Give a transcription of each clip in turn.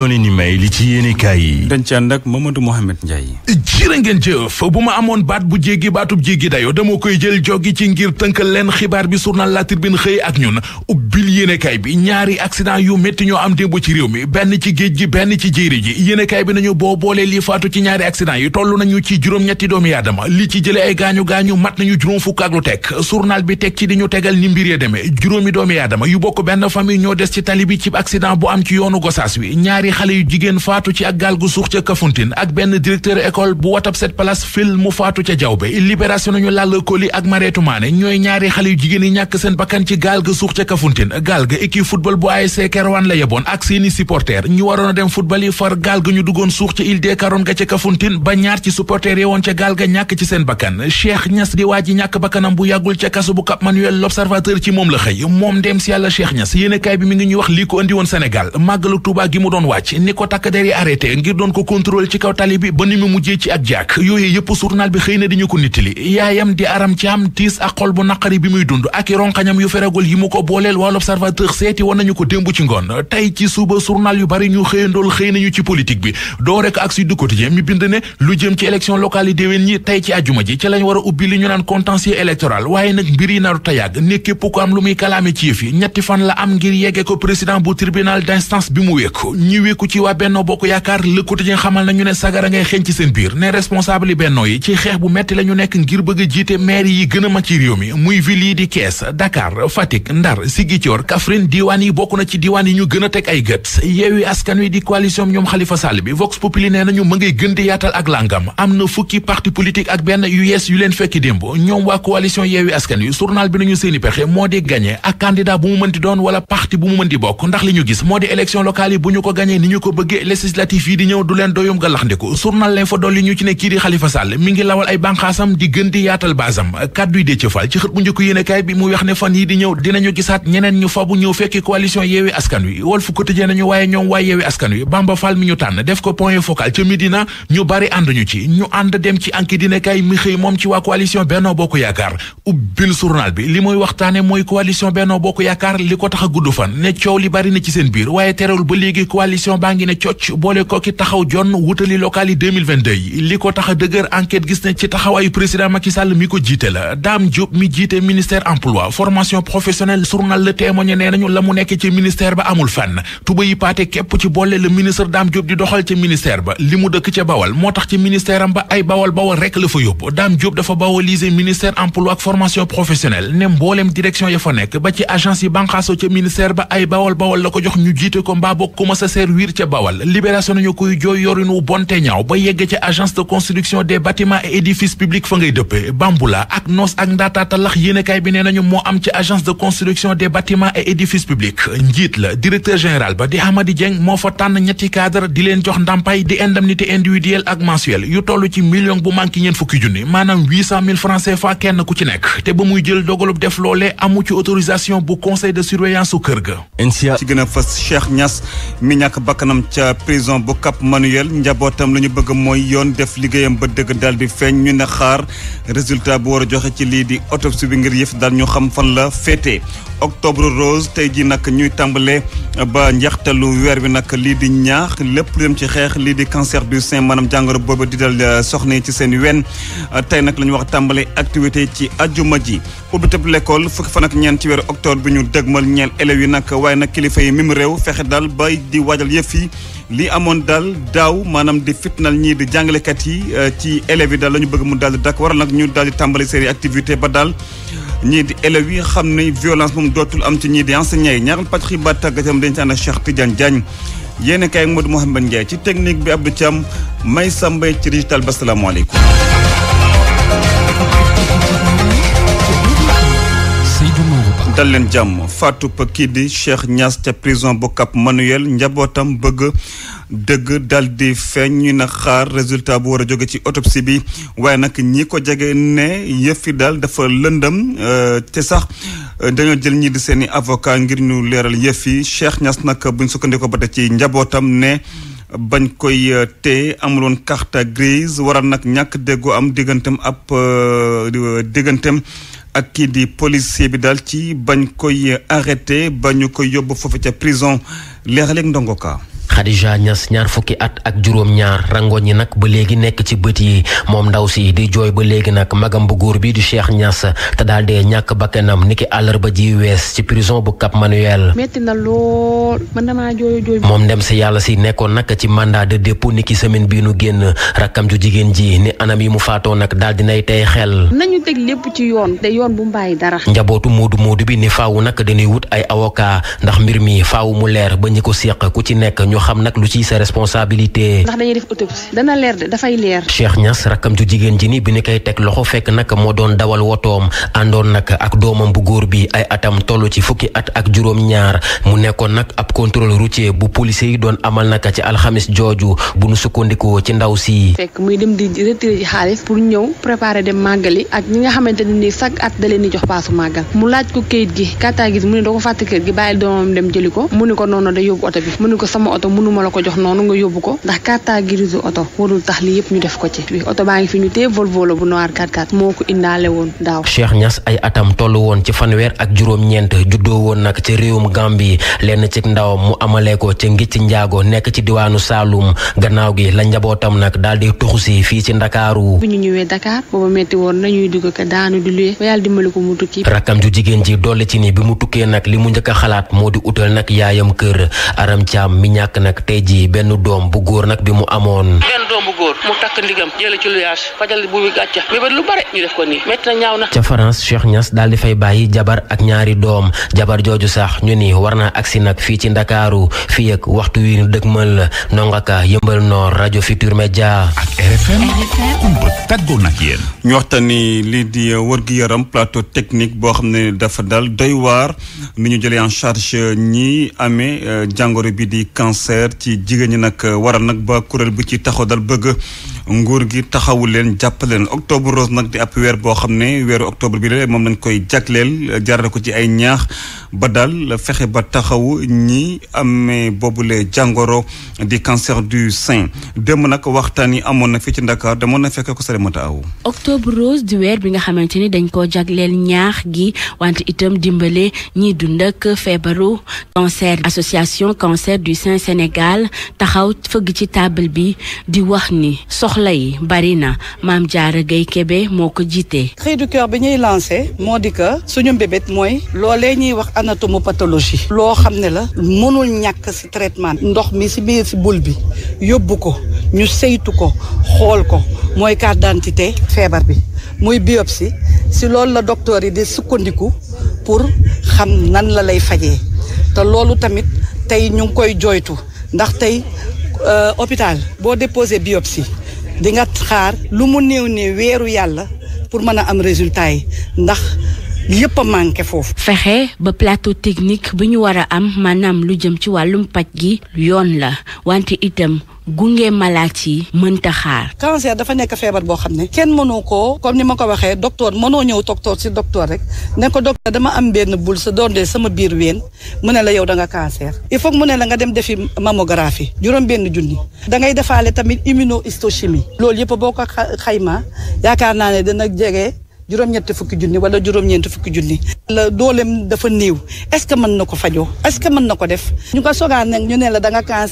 noo leen di may li ci yéene yi. dañ ci ànd ak Mamadou Mouhamed Ndiaye. ngeen bu ma amoon baat bu jéggi baatub jéggi dayoo dama koy jël joggi ci ngir tënkal leen xibaar bi journal La Tribune xëy ak ñun ubbil yéene kaay bi ñaari accident yu métti ñoo am démb ci réew mi benn ci géej gi benn ci jéeri ji yéene kaay nañu boo boolee li faatu ci ñaari accident yi toll nañu ci juróom-ñetti doomi li ci jële ay gaañu gaañu mat nañu juróom fukk ak lu teg journal bi teg ci di ñu tegal ni mbir yee demee juróomi doomi aadama yu bokk benn famille ñoo des ci tali bi ci accident bu am ci yoonu Gossas wi ñaari ñaari xale yu jigéen faatu ci ak gaal gu suux ca Kafountine ak benn directeur école bu watab set place fil mu faatu ca jawbe libération nañu làll koli ak mareetu maane ñooy ñaari xale yu jigéen yi ñàkk seen bakkan ci gaal ga suux ca Kafountine gaal ga équipe football bu ASC Kerwan la yeboon ak seeni supporter ñu waroon a dem football yi far gaal ga ñu duggoon suux ca Île des Carottes ga ca Kafountine ba ñaar ci supporter yi woon ca gaal ga ñàkk ci seen bakkan Cheikh Niass di waa ji ñàkk bakkanam bu yàggul ca kasu bu Cap Manuel l'observateur ci moom la moom dem si yàlla Cheikh Niass yéenekaay bi mi ngi ñuy wax lii ko andi woon Sénégal màggalu Tuubaa gi mu doon wàcc ni ko takk der yi arrêté ngir doon ko contrôle ci kaw tali bi ba ni mu mujjee ci ak jàkk yooyu yëpp journal bi xëy na diñu ko nittali yaayam di aram ci am tiis ak xol bu naqari bi muy dund ak i ronxañam yu feragul yi mu ko booleel waa l'observateur seeti woon nañu ko démb ci ngoon tey ci suba journal yu bari ñu xëyandool xëy nañu ci politique bi doo rek ak Sud Quotidien mi bind ne lu jëm ci élection locale yi déwén ñi tey ci ajuma ji ci lañ a ubbi wéeku ci waa Benno Bokk Yaakaar Le Quotidien xamal nañu ne sagara ngay xeeñ ci seen biir ne responsable yi Benno yi ci xeex bu metti la ñu nekk ngir bëgg a jiite maire yi gën a mag ci réew mi muy ville yi di Kees Dakar Fatick Ndar Ziguinchor Kaffrine diiwaan yi bokk na ci diiwaan yi ñu gën a teg ay gët Yewwi Askan Wi di coalition ñoom xalifa Sall bi Vox Populi nee nañu ma ngay gën di yaatal ak langam am na fukki parti politique ak benn yu yees yu leen fekki démb ñoom waa coalition Yewwi Askan Wi journal bi nañu seeni pexe moo di gagné ak candidat bu doon wala parti bu mu mën di bokk ndax li ñu gis moo amee ni ñu ko bëggee législatif yi di ñëw du leen doyum ga lax ndiku journal lañ fa dolli ñu ci ne kii di Xalifa Sall mi ngi lawal ay banqaasam di gën di yaatal baasam kàdduy Déthié Fall ci xët bu njëkk yéenekaay bi mu wax ne fan yi di ñëw dinañu gisaat ñeneen ñu fabu ñëw fekki coalition Yewwi Askan Wi Walf Quotidien nañu waaye ñoom waaye Yewwi Askan Wi Bamba Fall mi ñu tànn def ko point focal ca Médina ñu bari ànd ci ñu ànd dem ci Enquête élection baa ngi ne cocc boole ko ki taxaw jonn wutali local yi 2022 yi li ko tax a dëgër enquête gis ne ci taxaw taxawaayu président Macky Sall mi ko jiite la Dame Diop mi jiite ministère emploi formation professionnelle journal Le Témoin nee nañu la mu nekk ci ministère ba amul fenn tuba yi paate képp ci boole le ministre daam Diop di doxal ci ministère ba li mu dëkk ca bawal moo tax ci ministère am ba ay bawal bawal rek la fa yóbbu Dame Diop dafa bawaliser ministère emploi ak formation professionnelle ne mbooleem direction ya fa nekk ba ci agence yi banqaaso ministère ba ay bawal bawal la ko jox ñu jiite ko mbaa bokk commencé wiir ca bawal libération nañu koy jooy yorin wu bonte ñaaw ba yegg ca agence de construction des bâtiments et édifices publics fa ngay dëppe bambula ak noos ak ndaataatalax yéenekaay bi nee nañu moo am ci agence de construction des bâtiments et édifices publics njiit la directeur général ba di Hamadi Dieng moo fa tànn ñetti cadre di leen jox ndàmpaay di indemnité individuelle ak mensuelle yu toll ci million bu manqué ñeent fukki junni maanaam huit cent mille francs CFA kenn ku ci nekk te ba muy jël dogalub def loolee amu ci autorisation bu su kër ga. bakkanam ca prison bu Cap Manuel njabootam la ñu bëgg mooy yoon def liggéeyam ba dëgg daal di feeñ ñu ne xaar résultat bu war a joxe ci lii di autopsie bi ngir yëf daal ñu xam fan la féete octobre rose tey ji nag ñuy tàmbale ba njeextalu weer bi nag lii di ñaax lépp lu dem ci xeex lii di cancer du sein maanaam jàngoro boobu di dal eh, soxna yi ci seen wen tey nag la ñu wax tàmbalee activité ci ajuma ji ubbitëb lekkool fukki fan ak ñeent ci weeru octobre bi ñu dëgmal ñeel élèves yi nag waaye nag kilifa yi mim réew fexe daal bay di waajal yëf yi li amoon daal daaw maanaam di fitnal ñii di jàngalekat yi euh, ci élèves yi daal la bëgg mu daal di dakk waral nag ñu daal di tàmbali série activité ba daal ñii di élèves yi xam ne violence mu dootul am ci ñii di enseignants yi ñaaral pàcc xibaar tàggatam dañ ci ànd ak Cheikh Tidiane Diagne yéen a kaay Modou Mouhamed Ndiaye ci technique bi Abdou Thiam may sàmbay ci digital bi asalaamaaleykum dal leen jàmm faatu kii di Cheikh Niass ca prison bu Cap Manuel njabootam bëgg dëgg dal di feeñ ñu na xaar résultat bu war a jóge ci autopsie bi waaye nag ñi ko jege ne yëf yi daal dafa lëndëm euh, te sax euh, dañoo jël ñii di seeni i avocat ngir ñu leeral yëf yi Cheikh Niass nag buñ sukkandikoo ba tey ci njabootam ne bañ koy euh, te amuloon carte grise waral nag ñàkk déggoo am digganteem ab digganteem. ak kii di policier bi daal ci bañ koy arrêté ba koy yóbbu foofu ca prison leeraleeg ndongo Khadija Niass ñaar fukki at ak juróom-ñaar rangoon ñi nag ba léegi nekk ci bët yi moom ndaw si di jooy ba léegi nag magam bu góor bi di Cheikh Niass te daal dee ñàkk bakkanam niki àllarba ji wees ci prison bu Cap Manuel. metti na lool man moom dem si yàlla si nekkoon nag ci mandat de ni ki semaine bii nu génn rakkam ju jigéen ji ni anam yi mu faatoo nag daal nay tey xel. nañu teg lépp ci yoon. te yoon bu mu bàyyi dara. njabootu moodu moodu bi ni faaw nag dañuy wut ay avocat ndax mbir mi faaw mu ñu xam nag lu ciy sa responsabilité. ndax dañuy def autopsie dana leer de dafay leer. Cheikh Niass rakkam ju jigéen ji ni bi ni koy teg loxo fekk nag moo doon dawal wotoom àndoon nag ak doomam bu góor bi ay atam toll ci fukki at ak juróom-ñaar mu nekkoon nag ab contrôle routier bu policier yi doon amal nag ci alxamis jooju bu nu sukkandikoo ci ndaw si. fekk muy dem di retiré ji xaalis pour ñëw préparer dem màggali ak ñi nga xamante ne nii chaque at da leen di jox paasu màggal mu laaj ko kayit gi kàttan mu ne da ko fàtte kër ko mu ne mënuma la ko jox noonu nga yóbbu ko ndax carte grise oto warul tax li yëpp ñu def ko ci oto baa ngi fi ñu téye Volvo la bu noir 44 moo ko indaale woon daaw Cheikh Niass ay atam toll woon ci fanweer ak juróom-ñeent juddoo woon nag ci réewum Gambie lenn ci ndawam mu amalee ko ci ngi ci njaago nekk ci diwaanu Saloum gannaaw gi la njabootam nag daal di tuxu si fii ci Ndakaaru bu ñu ñëwee Dakar booba metti woon nañuy dugg ko daanu di luyee ba yàlla dimbali ko mu tukki rakkam ju jigéen ji dolli ci ni bi nag li mu njëkk a xalaat moo di utal nag takk nag tey ji benn doom bu góor nag bi mu amoon. benn doom bu góor mu takk ndigam jëlee ci luyaas fajal bu bi gàcce lu bare ñu def ko nii métti ñaaw na. ca France Cheikh Niass daal di fay bàyyi jabar ak ñaari doom jabar jooju sax ñu ni war naa agsi nag fii ci ndakaaru fii ak waxtu wi dëgmal nongaka yëmbal noor rajo Futur Media. ak RFM ñu waxtaanee lii di wërgu yaram plateau technique boo xam ne dafa dal doy waar ni ñu jëlee en charge ñi amee euh, jàngoro ci jigéen ñi nag waral nag ba kuréel bu ci taxaw dal bëgg nguur gi taxawu leen jàppaleen octobre rose nag di ab weer boo xam ne weeru octobre bi la moom lañ koy jagleel jarale ko ci ay ñaax ba daal fexe ba taxawu ñi amee boobule jàngoro di cancer du sein démb nag waxtaan yi amoon na fii ci Ndakaar demoon na fekk ko Salimata Aw octobre rose di weer bi nga xamante ni dañ koo jagleel ñaax gi wante itam dimbale ñiy dund ak feebaru cancer association cancer du sein Sénégal taxaw fëgg ci table bi di wax soxla yi bari na maam Diarra Gueye Kébé moo ko jiite. cri du cœur bi ñuy lancé moo di que suñu mbébét mooy loolee ñuy wax anatomopathologie loo xam ne la mënul ñàkk si traitement ndox mi si biir si bul bi yóbbu ko ñu saytu ko xool ko mooy carte d'identité feebar bi muy biopsie si loolu la docteur yi di sukkandiku pour xam nan la lay fajee te loolu tamit tey ñu ngi koy jooytu ndax tey euh, hôpital boo déposé biopsie di nga xaar lu mu néew ne weeru yàlla pour mën a am résultat yi ndax yëpp a manqué foofu. fexe ba plateau technique bi ñu war a am maanaam lu jëm ci wàllum paj gi yoon la wante itam gunge malaat yi mënta xaar. cancer dafa nekk feebar boo xam ne. kenn mënoo koo comme ni ma ko waxee docteur mënoo ñëw docteur si docteur rek ne ko docteur dama am benn bul sa doon de sama biir ween mu ne la yow danga nga il faut mu ne la nga dem defi mammographie juróom benn junni. da ngay defaale tamit immunohistochimie. loolu yëpp boo ko xaymaa yaakaar naa ne dana jege. juróom-ñetti fukki junni wala juróom-ñeenti fukki junni. la dooleem dafa néew est-ce que mën na ko fajoo est que mën na ko def. ñu ko sogaan nag ñu ne la danga nga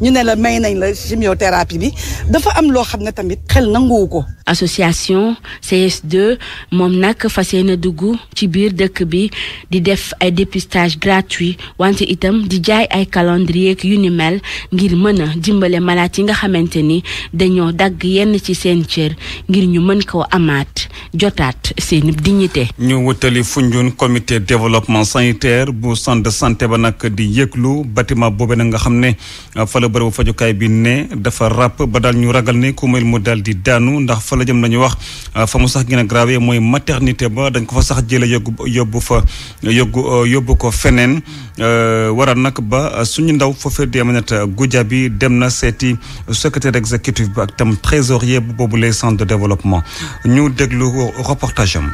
ñu ne la may nañ la chimiothérapie bi dafa am loo xam ne tamit xel nanguwu ko. association CS2 moom nag fas yéene dugg ci biir dëkk bi di def ay dépistage gratuit wante itam di jaay ay calendrier yu ni mel ngir mën a dimbale malaat yi nga xamante ni dañoo dagg yenn ci seen cër ngir ñu mën koo amaat jotaat. jotaat seen dignité. ñu wutali Foundiougne comité développement sanitaire bu centre de santé ba nag di yëglu bâtiment boobee nag nga xam ne euh, fa la fajukaay bi ne dafa ràpp ba daal ñu ragal ne ku mel mu daal di daanu ndax fa la jëm nañu wax euh, fa mu sax gën a mooy maternité ba dañ ko fa sax jële yóbbu yóbbu fa yóbbu euh, yóbbu ko feneen wara nag ba suñu ndaw foofee di Aminata Goudiaby dem na seeti secrétaire exécutif bi ak tam trésorier bu boobu les centres de développement ñu déglu rapport reportage am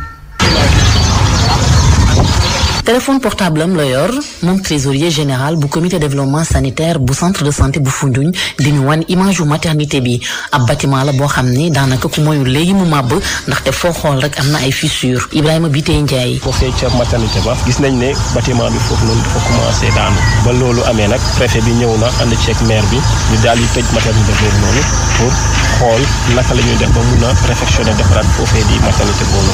téléphone portable am la yor moom trésorier général bu comité développement sanitaire bu centre de santé bu Foundiougne di ñu wan image yu maternité bi ab bâtiment la boo xam ne daanaka ku moyul léegi mu màbb ndaxte foo xool rek am na ay fissures Ibrahima Biteye Ndiaye. foofee ba gis nañ ne bâtiment bi foofu noonu dafa commencé daanu ba loolu amee nag préfet bi ñëw na ànd ceeg maire bi ñu daal di tëj maternité boobu noonu pour xool naka la def ba mun a réfectionner defaraat foofee di maternité boobu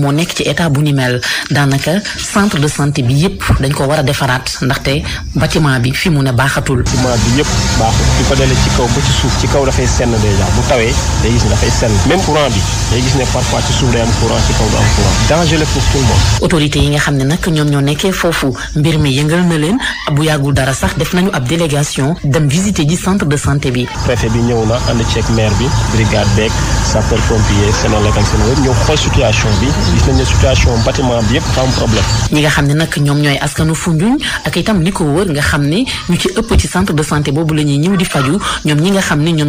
noonu. nee mel daanaka centre de santé bi yëpp dañ ko war a defaraat ndaxte bâtiment bi fi mu ne baaxatul. bâtiment bi yëpp baaxul di ko delle ci kaw ba ci suuf ci kaw dafay senn déjà bu tawee day gis ne dafay senn même bi day gis ne parfois ci suuf day am courant ci kaw yi nga xam ne nag ñoom ñoo nekkee foofu mbir mi yëngal na leen bu yàggul dara sax def nañu ab délégation dem visiter ji centre de santé bi. préfet bi ñëw na ànd ceeg maire bi brigade beeg sapeur pompier Senelec ak Seneweb ñëw xool situation bâtiment bi yëpp am problème. ñi nga xam ne nag ñoom ñooy askanu Foundiougne ak itam li ko wër nga xam ne ñu ci ëpp ci centre de santé boobu la ñëw di faju ñoom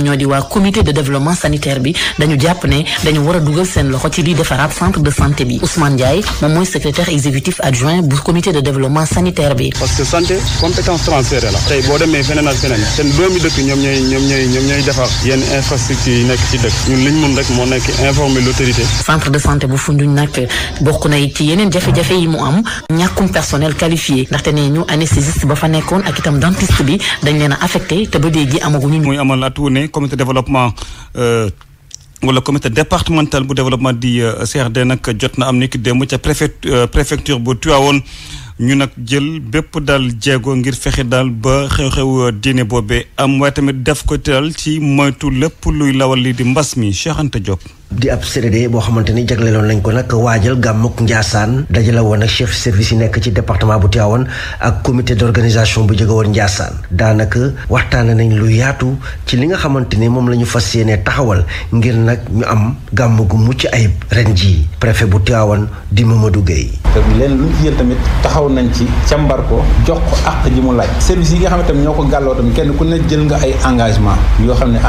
ñoo di waa comité de développement sanitaire bi dañu jàpp ne dañu war dugal seen loxo ci liy defaraat centre de santé bi Ousmane Ndiaye moom mooy secrétaire exécutif adjoint bu comité de développement sanitaire bi. parce que santé compétence transférée la. tey boo demee feneen ak feneen waaye ci yeneen jafe-jafe yi mu am ñàkkum personnel qualifié ndaxte nee ñu anesthésiste ba fa nekkoon ak itam dentiste bi dañ leen a affecté te ba léegi amaguñu. muy amal la tournée comité développement. Euh, wala comité départemental bu développement di euh, CRD nag jot na am ni ki démb ca préfet euh, préfecture bu Tivaouane ñu nag jël bépp daal jéego ngir fexe daal ba xew-xew diine boobee am waaye tamit def ko daal ci moytu lépp luy lawal lii di mbas mi Cheikh Anta di ab CDD boo xamante jagleeloon nañ ko nag waajal gàmmuk Njaasaan dajale woon ak chef service yi nekk ci département bu Tivaouane ak comité d'organisation bu jóge woon Njaasaan daanaka waxtaane nañ lu yaatu ci li nga xamante ni moom la ñu fas yéene taxawal ngir nag ñu am gàmm gu mucc ayib ren jii préfet bu Tivaouane di Mamadou Gueye. te leen lu ñu tamit taxaw nañ ci càmbar ko jox ko àq ji mu laaj service yi nga xam ne tam ñoo ko gàlloo tam kenn ku ne jël nga ay engagement yoo xam la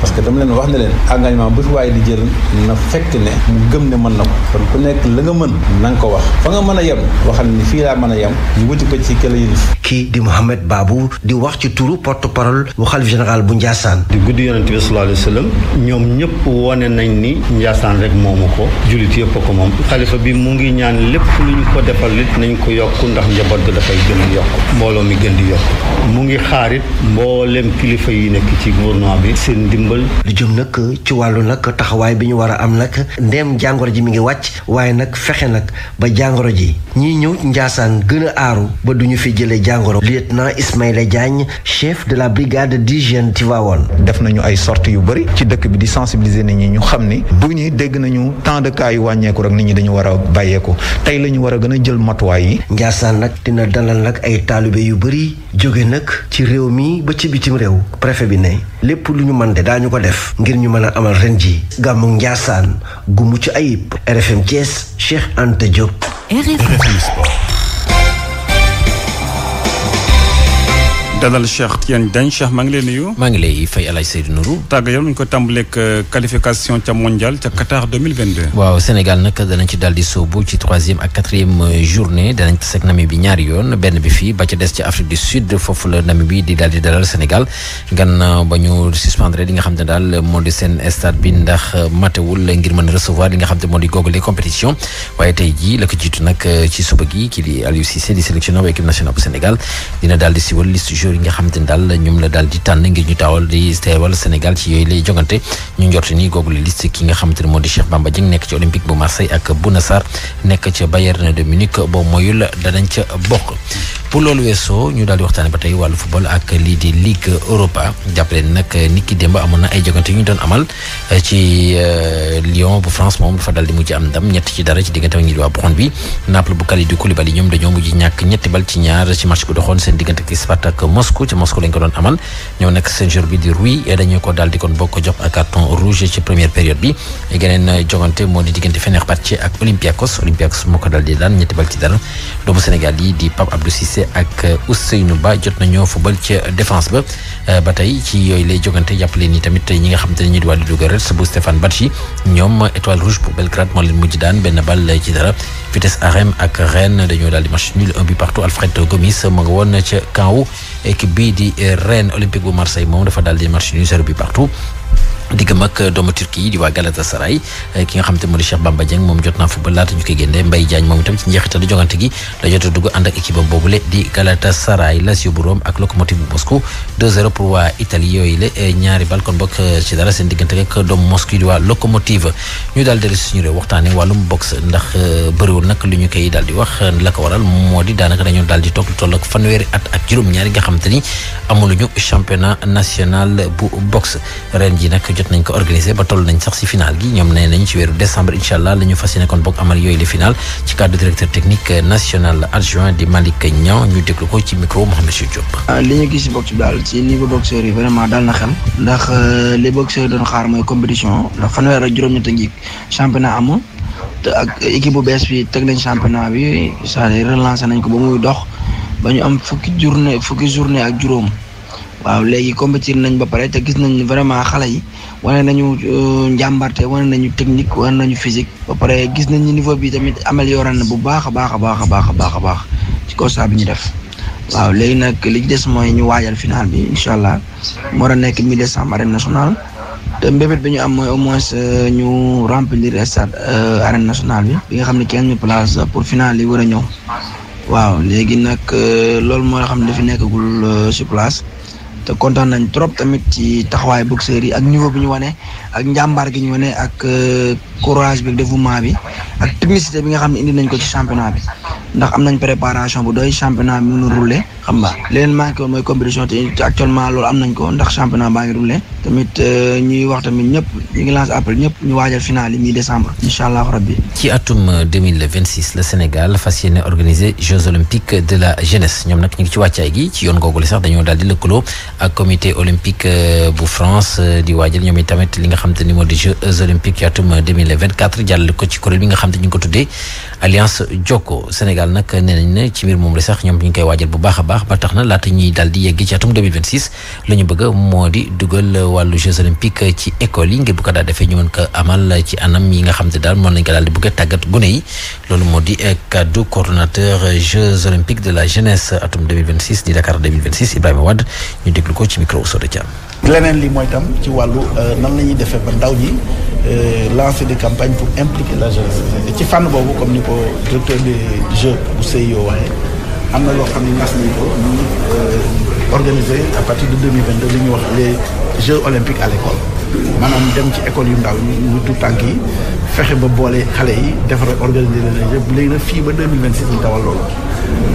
parce que dama leen waaye di jël na fekk ne mu gëm ne mën na ko kon ku nekk la nga mën na nga ko wax fa nga mën a yem waxal ni fii laa mën a yem ñu wuti ko ci këla yilif kii di Mouhamed Babou di wax ci turu porte bu xalif général bu Ndiassane. di guddi yonent bi sallallahu alayhi wa ñoom ñëpp wone nañ ni Ndiassane rek moomu ko jullit yëpp ko moom xalifa bi mu ngi ñaan lépp lu ñu ko defal nañ ko yokk ndax njaboot gi dafay gën di yokk mbooloo mi gën di yokk mu ngi xaarit mboolem kilifa yi nekk ci gouvernement bi seen ndimbal. lu jëm nag ci wàllu nag taxawaay bi ñu war a am nag ndéem jàngoro ji mi ngi wàcc waaye nag fexe nag ba jàngoro ji ñiy ñëw Ndiassane gën a jàngoro lieutenant Ismaïla Diagne chef de la brigade d'hygiène Tivaouane def nañu ay sorties yu bëri ci dëkk bi di sensibiliser nit ñi ñu xam ni bu ñuy dégg nañu tant de yu wàññeeku rek nit ñi dañu war a bàyyeeku tey la ñu war a gën a jël matuwaay yi. Ndiassane nag dina dalal nag ay taalibe yu bëri jóge nag ci réew mi ba ci bitim réew préfet bi ne lépp lu ñu mën de ñu ko def ngir ñu mën a amal ren ji gàmmu Ndiassane gu mucc ayib RFM Thiès Cheikh Anta Diop. dalal Cheikh Tidiane Diagne Cheikh maa ngi lay nuyu. maa ngi lay fay El Hadj Seydou Nourou. tàgg ko tàmbaleeg euh, qualification ca mondial ca Qatar waaw Sénégal nag danañ ci daal di sóobu ci troisième ak quatrième euh, journée danañ tase ak Namibie ñaari yoon benn bi fii ba ca des ci Afrique du Sud foofu la Namibie di di dalal Sénégal gannaaw ba ñu suspendre li xam ne daal moo di seen stade bi ndax euh, matewul ngir mën a recevoir li nga xam ne moo di googale compétition waaye tey gi kii di Aliou Cissé di yi nga xamante ni daal ñoom la daal di tànn ngir ñu taawal di teewal Sénégal ci yooyu lay jogante ñu njort ni googu la ki nga xamante ni moo di Cheikh Bamba Dieng nekk ci Olympique bu Marseille ak Bouna Sarr nekk ca Bayern de Munich boo moyul danañ ca bokk bu loolu weesoo ñu daal waxtaane ba tey wàllu football ak lii di Ligue Europa jàppale nag euh, nit ki démb amoon na ay jogante yu ñu doon amal euh, ci euh, Lyon bu France moom dafa daal di mujj am ndam ñett ci dara ci diggante ak ñi waa Buxon bi Naples bu Kalidou Koulibaly ñoom dañoo mujj ñàkk ñetti bal ci ñaar ci match bu doxoon seen diggante ak Spartak Moscou ci Moscou ko doon amal ñoo nekk seen bi di Rui dañu ko daal kon bokk jox ak carton rouge ci première Cissé ak Ousseynou Ba jot nañoo fubal ca défense ba euh, ba tey ci yooyu lay jogante jàppale ni tamit ñi nga xam te ne ñu di wàllu Louga Reds bu Stéphane Batchi ñoom étoile rouge bu Belgrade moo mujj daan benn bal ci dara Vitesse Arnhem ak Rennes dañoo daal di match nul un but partout Alfred Gomis mu nga woon ca camp wu équipe bii di Rennes Olympique bu Marseille moom dafa daal di match nul zéro but partout. digg mag doomu Turquie di waa Galatasaray eh, ki nga xam te moo di Cheikh Bamba Dieng moom jot naa football laata ñu koy génne Mbaye Diagne moom itam ci njeexitalu jogante gi la jot a dugg ànd ak équipe am boobule di Galatasaray Lazio bu Rome ak Lokomotiv bu Moscou 2 eh, ñaari bal kon bokk eh, ci dara seen diggante rek doomu Moscou di waa Lokomotiv ñu daal dellu suñu réew waxtaane wàllum box ndax bëriwul nag lu ñu koy daal di wax la ko waral moo di daanaka dañoo daal di toog lu toll ak fanweeri at ak juróom-ñaari nga xam te ni amuluñu championnat national bu box ren ji nag jot nañ ko organisé ba toll nañ sax si final gi ñoom nee nañ ci weeru décembre incha allah la ñu fas yéene kon bokk amal yooyu le final ci cadre directeur technique national adjoint di Malick Niang ñu déglu ko ci micro Mohamed Chou Diop. Ah, li na xam ndax euh, li boxeur doon xaar mooy compétition ndax fanweer ak juróom-ñett ngi championnat amul te bu bees bi teg nañ championnat bi c'est-à-dire nañ ko ba muy dox ba ñu am fukki journée fukki journée ak juróom. waaw léegi compétir nañ ba pare te gis nañ vraiment xale yi wane nañu euh, njàmbarte wane nañu technique wane nañu physique ba pare gis nañ niveau bi tamit amélioré na bu baax a baax baax a baax a baax a baax ci constat bi ñu def waaw léegi nag li ci des mooy ñu waajal final bi incha allah war a nekk mi décembre arène nationale te mbébét bi am mooy au moins euh, ñu remplir stade euh, arène nationale bi bi nga xam ne quinze mille places pour final yi war a ñëw waaw léegi nag loolu moo xam ne dafi nekkagul sur place te kontaan nañ trop tamit ci taxawaay boxeurs yi ak niveau bi wane ak njàmbaar gi ñu wane ak euh, courage bi dévouement bi ak technicité bi nga xam ne indi nañ ko ci championnat bi ndax am nañ préparation bu doy championnat bi mën a rouler xam nga leen manqué woon mooy compétition te actuellement loolu am nañ ko ndax championnat baa ngi leen tamit euh, ñuy wax tamit ñëpp ñu ngi lancé appel ñëpp ñu waajal final yi mi décembre incha allah rabbi ci atum 2026 euh, le Sénégal fas yéene organiser Jeux olympiques de la jeunesse ñoom nag ñu ngi ci wàccaay gi ci yoon googu la sax dañoo daal di lëkkaloo ak comité olympique euh, bu France di waajal ñoom i tamit li nga xam te ni moo di Jeux olympiques ci atum 2024 jàll ko ci kuréel bi nga xam te ñu ngi ko tuddee ne ci mbir moom la sax ñoom ñu ngi koy bu baax a baax ba tax na laata ñuy daal di yegg ci atum 2026 la moo di dugal wàllu Jeux olympiques ci école yi ngir bu ko daal defee ñu mën ko amal ci anam yi nga xam te daal moom lañ ko daal di bëgg tàggat gune yi loolu moo di eh, kaddu coordonnateur Jeux olympiques de la jeunesse atum 2026 di Dakar 2026 Ibrahima Wade ñu déglu ko ci micro Soda Thiam. leneen li mooy tam ci wàllu euh, nan la defee ba ndaw ñi euh, lancer des campagnes pour impliquer la jeunesse ci fànn boobu comme am na loo xam ne nas nañ ko ñu euh, organiser à partir de 2022 li ñuy wax les Jeux olympiques à l'école maanaam dem ci école yu ndaw yi ñu tout tànk yi fexe ba boole xale yi defar organiser leen yëpp léegi nag fii ba 2026 ñu dawal loolu.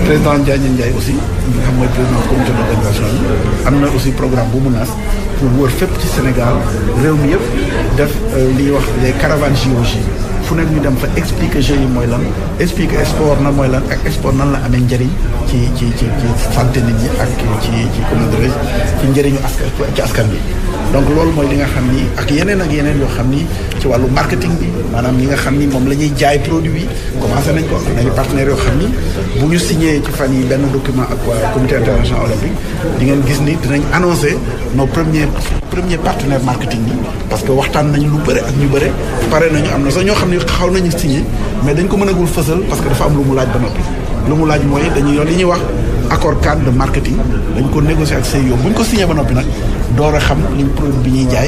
président Ndiagne Ndiaye aussi nga xam mooy président comité d'organisation bi am na aussi programme bu mu nas pour wër fépp ci Sénégal réew mi yëpp def euh, li wax les caravanes JOJ. fu nekk ñu dem fa expliquer jeux yi mooy lan expliquer sport na mooy lan ak sport nan la amee njariñ ci ci ci ci santé nit ñi ak ci ci comment dirais ci njëriñu askan ci askan bi donc loolu mooy li nga xam ni ak yeneen ak yeneen yoo xam ni ci wàllu marketing bi maanaam ñi nga xam ni moom la ñuy jaay produit bi commencé nañ ko am nañu partenaires yoo xam ni bu ñu signé ci fan yi benn document ak waa comité international olympique di ngeen gis ni dinañ annoncé nos premiers premier partenaire marketing bi parce que waxtaan nañu lu bëre ak ñu bëre pare nañu am na sax ñoo xam ne xaw nañu signé mais dañ ko mënagul fësal parce que dafa am laaj ba noppi mu laaj mooy dañuy yoon li ñuy wax accord cadre de marketing dañ ko négocier ak CIO e bu ñu ko signé ba noppi nag door a xam li produit bi ñuy jaay.